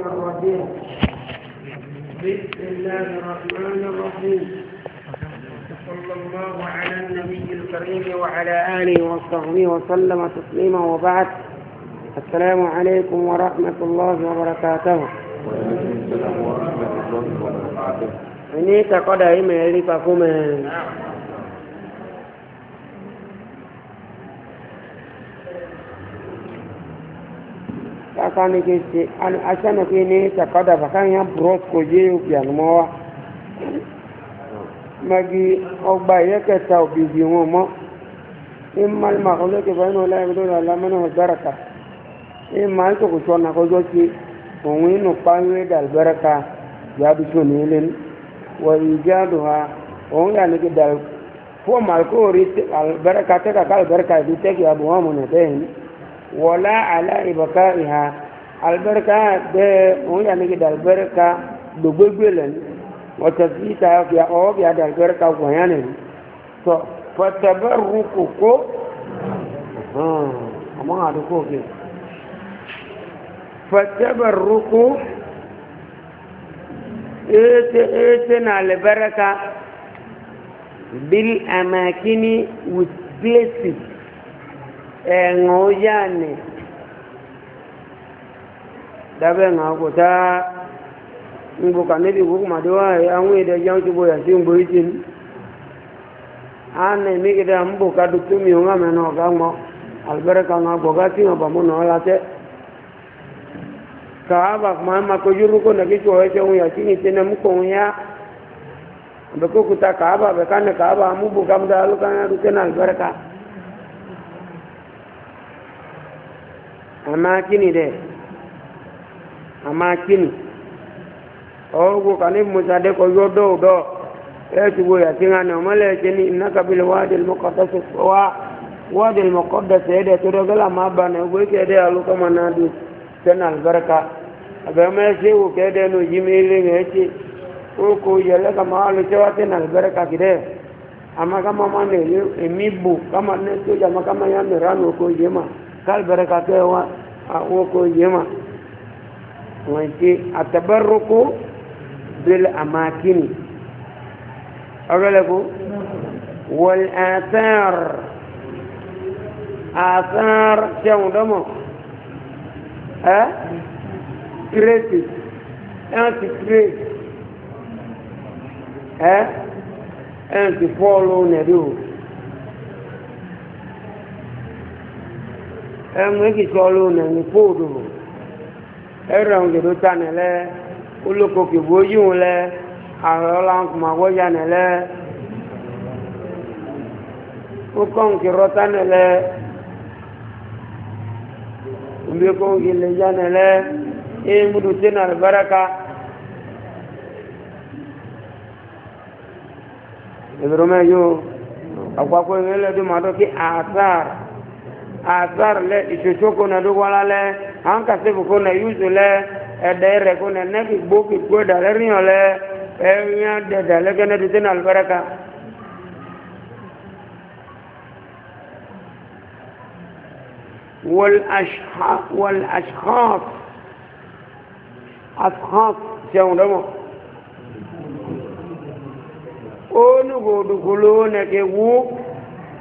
بسم الله الرحمن الرحيم صلى الله على النبي الكريم وعلى آله وصحبه وسلم تسليما وبعد السلام عليكم ورحمة الله وبركاته ini tak ada email di pakumen. kaka ni ke se an asana ke ne ta kada ba kan yan bros ko je u pian mo magi ogba ye ke ta obi bi won mo immal ma ke ba la ibdu la man ho baraka immal to ko ko jo ki dal baraka ya bi so wa ijaduha ke dal mal ko ri al baraka ka kal baraka du te ki abu wala ala ìbọ̀ká ìhà alberka bẹ́ wọ́n yà ní kí dalberka gbogbogbò lẹ́nu wọ́tẹ̀ sí ìta ọ̀fíà ọ̀fíà dalberka wọ̀nyá nìyí tọ́ fọ́tẹ̀bẹ̀rù kòkó àmọ́ àdúgbò kìí fatabarruku na albaraka bil amakini with places ẹ̀rùn ó yà dabe na ọkụta àkùtà ń bò kà níbi ìwòkù màdíwá àwọn èdè jẹun ti bòyà sí ìgbò ìtì ní àánà ìmígidà ń bò ká dùtú mi òun àmì náà ọ̀gá mọ́ àlùbẹ́rẹ́ kan náà na tí wọn bàmú náà látẹ́ kàábà ma kojú rúkọ nàkí tí wọ́n ṣe òun yà sí ní tẹ́nà mú kò ń yá àbẹ̀kókúta kàábà bẹ̀ká ní kàábà mú bò ká mú dáa lókàn amakini dɛ amakini ɔwɔ kani musa de ko yɔ dɔw dɔ ɛtubo yati ŋa nɛ ɔmɛlɛ ɛtsɛni nakabili waadil mɔkɔdɔsi wa waadil mɔkɔdɔsi yɛ dɛ tɔdɔ gɛlɛ ma ba nɛ ɔgbɛ kɛ dɛ alo kama na do sɛn alibarika abɛmɛ ɛsɛ wo kɛ dɛ no yim ele ŋa ɛtsɛ oko yɛlɛ kama alo tsɛ wa sɛn alibarika ki dɛ ama kama ma nɛ emi bo kama nɛ sojama kama ya mɛ ra no ko yema kalbaraka kaiwa a woko yema wanke a tabarruku bil amakini agalaku wal athar athar shan domo eh creative anti creative eh anti follow ne do ẹ̀mú ìkìsọ́ ọlọ́run ẹ̀yìn fóòdù ẹ̀rọ òǹgèdò ta nílẹ̀ olóko kìbó yíwù lẹ̀ ààrẹ ọlọ́nkùnmá wọ́yà nílẹ̀ ukọ́nkì rọ́ta nílẹ̀ òbíkọ́nkì lè ile, nílẹ̀ éèmùdù tẹ́nà àlùbáràkà. ìdúró mẹ́yọ́ àpapọ̀ ìwé ma màdọ́ kí àtàrà. azar lɛ itsotso na do wala lɛ ankase fofo na yuzu lɛ ɛdɛ rɛ ko na nɛki gbó kekpe da lɛ riyan lɛ ɛnya dɛ da lɛ kɛnɛ tete na albaraka wal ashha wal ashkhaf ashkhaf sɛwọn dɔ mɔ onu go dukolo nɛke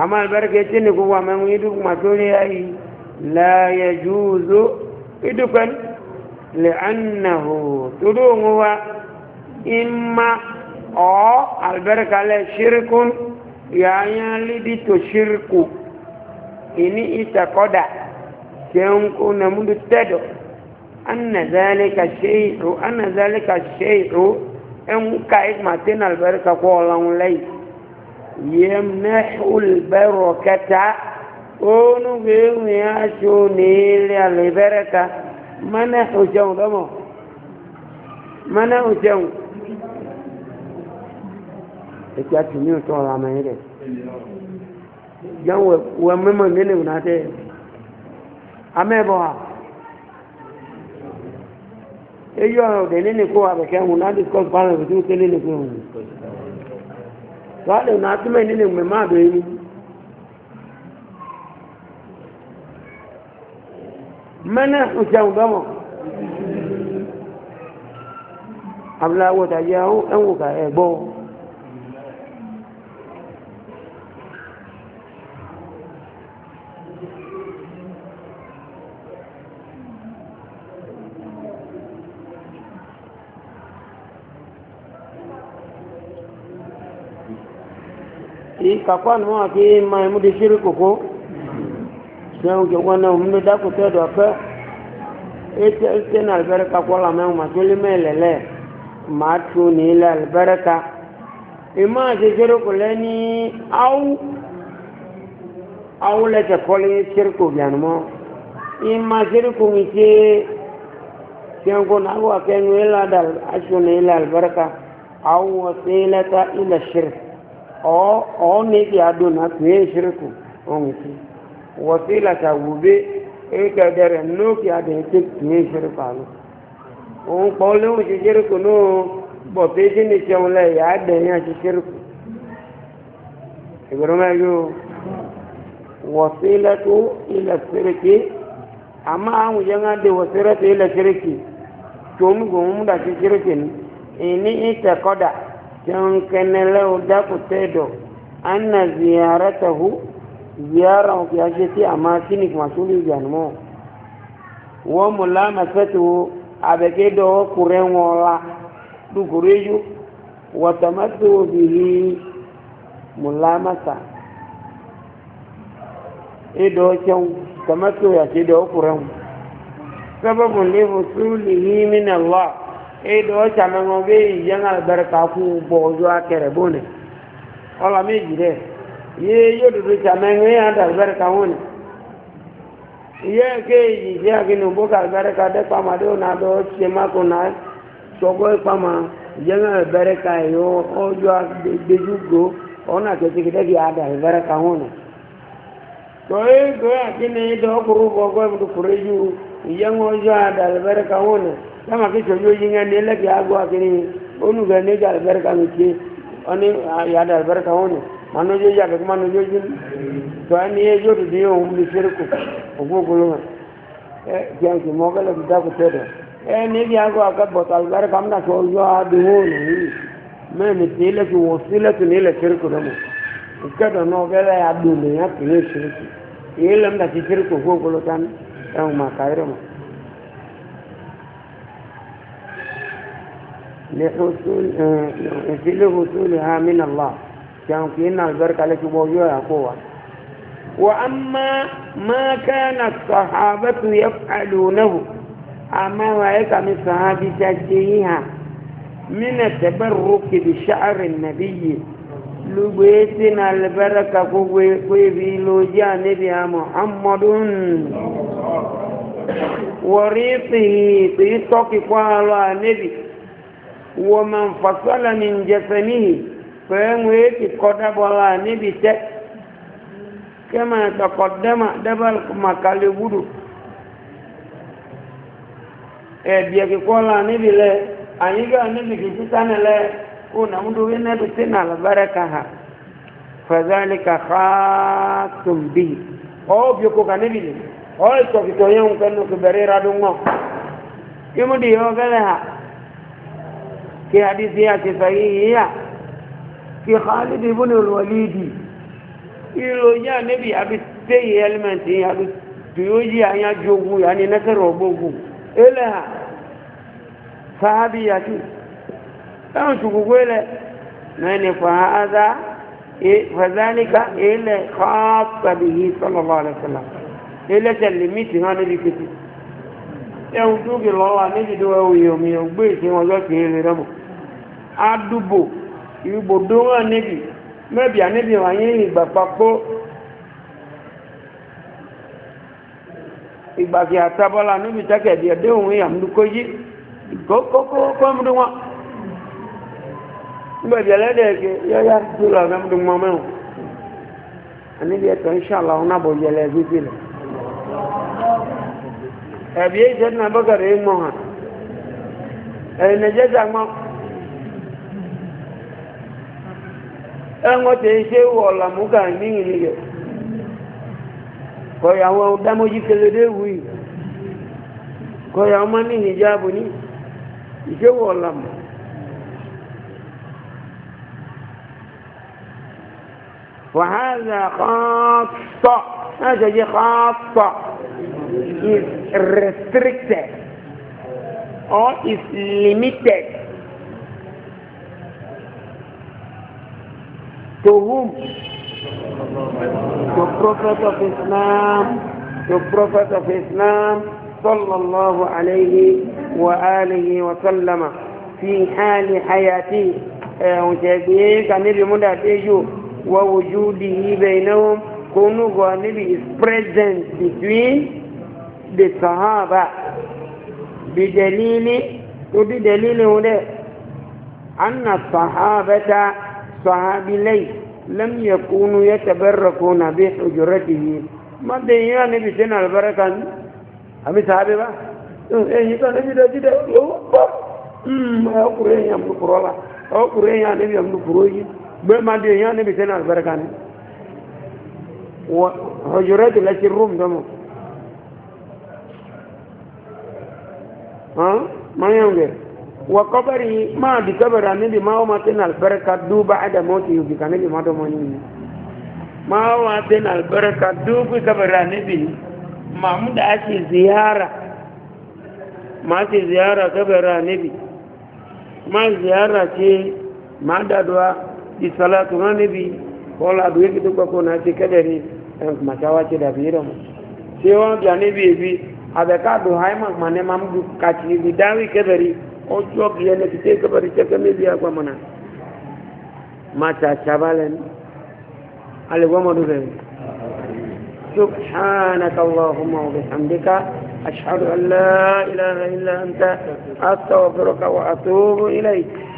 àmọ́ àlùbáríkà tí ní kó wà mẹ́rin ìdúkù mà tó rí ayé láàyè júùzó ìdúkùn lè ànàhò tó dóhùn wa ìmá ọ̀ àlùbáríkà lẹ̀ ṣírkún yàáyá lídí tó ṣírkù ìní ìtàkọ́dà ṣeun kó nàmúdú tẹ́dọ̀ annazalika ṣe ìrò annazalika ṣe ìrò ẹ̀hún ká ìgbà tí ní àlùbáríkà kó ọlọ́run lẹ́yìn. يمنح البركة ونبيهم يعشوني للبركة منح جو دمو منح جو ẹ̀kí àtúnyí ọ̀tọ́ ọ̀rọ̀ àmà ẹ̀rẹ̀ yàwó wọ mẹ́mọ̀ nílẹ̀ ìwọ̀n àti amẹ́bọ̀ à èyí ọ̀rọ̀ ọ̀dẹ̀ nílẹ̀ kó àbẹ̀kẹ́ wọn láti kọ́ bá rẹ̀ tó tẹ́lẹ̀ nílẹ̀ kó wọn wàhálà ọ̀nà atúmọ̀ nínú ìmọ̀ máa bẹ̀rẹ̀ ní mẹ́nà ìjẹun gọ́mọ̀ kakwa ni wọn kí ma ẹmú di ṣírí kòkó ṣẹ́hùn kí wọn náà mú dákò tẹ́dọ̀ pẹ́ ètò ètò ní àlùbẹ́rẹ́ka kọ́lá mẹ́wọ̀n mà tó lé mẹ́lẹ̀lẹ́ màá tu ní ilẹ̀ àlùbẹ́rẹ́ka ìmọ̀ àti ṣírí kò lẹ́ ní áwù áwù lẹ́tẹ̀ kọ́lé ṣírí kò bìàn mọ́ ìmọ̀ ṣírí kò ń ṣe ṣẹ́hùn kò náà wà kẹ́nu or or maybe aduna kuye shirku onki wasila ta wube eka dere no ki ade te kuye shirku alu on pole o e je shirku no bo te ni se on le ya de yan je shirku ibro ma yo wasilatu ila shirki amma an yanga de wasilatu ila shirki to mu go koda كان كان له داك تيدو أن زيارته زيارة في أشياء أماكنك مسؤولي جانمو وملامسته أبكيدو كورين ولا دكوريجو وتمسه به ملامسة إدو شو تمسه يا سيدو كورين سبب لفصوله من الله e do chama ngobe yang alberta ku bojo akere bone ola mi jire ye yo do chama ngwe and alberta one ye ke ji ya ke no boka alberta de pa ma do na do chema ko na so go pa e ma yang alberta yo ojo de jugo ona e, ke tikete ki ada alberta one to e go akine do kuru bogo mu kureju yang ojo ada alberta one kama kicho nyo yinga nile ki agu akini onu gane ja alberka michi oni ya da alberka oni manu jo ya kuma manu jo jin to ani ye jo tu dio um ni sirku ogo guluma e kyan ki mogala ki da ku tede e ni ki agu aka botal gar kam na so yo adu ni me ni tile ki wasila tu nile sirku damo kada no gele ya du ni ya ki sirku ilam da ki sirku ogo gulutan e ma kairo ma لحصول لحصولها من الله كان فينا البركة التي موجودة قوة وأما ما كان الصحابة يفعلونه أما وعيك من صحابي تجيها من التبرك بشعر النبي لبيتنا البركة قوي في لوجا نبي محمد وريقه في طاقة على نبي ومن فصل من جسمه فهم يتقدم على نبي كما تقدم دبل ما قالوا ẹ̀bìẹ̀ kíkọ́ la níbi lẹ àyíká níbi kìí sánà lẹ kó nàmúdó wí nẹ́bi tí nà lọ́bẹ̀rẹ̀ kà hà fẹ̀zẹ́lì kà xa tòm bí ọ́ bí kò kà níbi lẹ ọ́ ìtọ̀kìtọ̀ yẹn ń kẹ́nu kò bẹ̀rẹ̀ ra dùn wọn. ìmúdi yẹn wọ́n fẹ́lẹ̀ hà في حديثها صحيحة في خالد بن الوليد ìròyìn ànẹ́bì àbí tẹ́yì ẹlẹ́mẹ̀ntì àbí tí ó yí àyájú ogun yà ní nẹ́sẹ̀rọ̀ ọgbógun ilẹ̀ à sáábì yàtú táwọn ṣùgbogbo ilẹ̀ mẹ́ni fàáza fàzálíkà ilẹ̀ kọ́ọ̀pẹ̀bì yìí sọ́lọ́lọ́ àlẹ́sọ̀lá ilẹ̀ṣẹ̀ lèmítì hàn níbi kìtì ẹ̀hùn tó kì lọ́wọ́ àníjìdó ẹ̀hùn yòmíyàn gbé ìsìn ọjọ́ kìí rẹ̀ rẹ̀ mọ̀ adubo ìgbòdó hàn níbi mẹ́bí àníbi wáyé ìgbà papọ̀ ìgbàkì àtàbọ́lá níbi tákẹ̀dì ẹ̀dẹ́ òun ìyàmúdúkọ́ yí kókókókó ya wọn mẹ́bí ẹlẹ́dẹ̀ẹ́kẹ́ yọ́yá tó lọ mẹ́mú wọn mẹ́wọ̀n àníbi ẹ̀tọ́ ìṣàlá ọ̀nà àbọ̀yẹlẹ̀ gbígbé lẹ̀ ẹ̀bí ẹ̀jẹ̀ náà bọ́kẹ̀rẹ̀ ń mọ̀ hàn ẹ̀yìn ẹ̀jẹ̀ ẹ̀wọ̀n tẹ̀ ṣe wọ̀ làmúgà níyìn níyẹ̀ kọ̀yà àwọn dámójí kelede wù yìí kọ̀yà ọmọ níyìn jáàbù ní ìṣe wọ̀ làmù. وهذا خاصة هذا دي خاصة is restricted or is limited To whom? The Prophet of Islam, the Prophet of Islam, صلى الله عليه وآله وسلم في حال حياته وجابيه كان لمدة تيجو ووجوده بينهم كونوا غانبي is present between the صحابة بدليل وبدليل هنا أن الصحابة صحابي لي لم يكونوا يتبركون بحجرته ما دينا نبي سنة البركة أمي صحابي بقى إيه كان نبي ده جدا أمم أقرأ يا أمي قرآن أقرأ يا نبي أمي قرآن ما دينا نبي سنة البركة وحجرات التي الروم دمو ها ما يوجد wa kabari ma bi kabari anibi ma o ma ten albarka du ba'da mauti bi kanibi ma do moni ma o ma ten albarka du bi kabari anibi ma mu da ake ziyara ma ce ziyara kabari anibi ma ziyara ce ma da duwa di salatu anibi ko la duwe ki dukwa ko na ce kabari ma ta wace da bi mu sai wa bi anibi bi abeka do haiman ma ne ma mu ka ci bi dawi kabari ọjọ́ bí ẹni ti tẹ́ kẹfẹ́ ìṣẹ́kẹ́ méjì agbamọ̀nà máa ta ṣàbálẹ̀ ní alẹ́gbọ́mọdún rẹ̀ سبحانك اللهم وبحمدك أشهد أن لا إله إلا أنت أستغفرك وأتوب إليك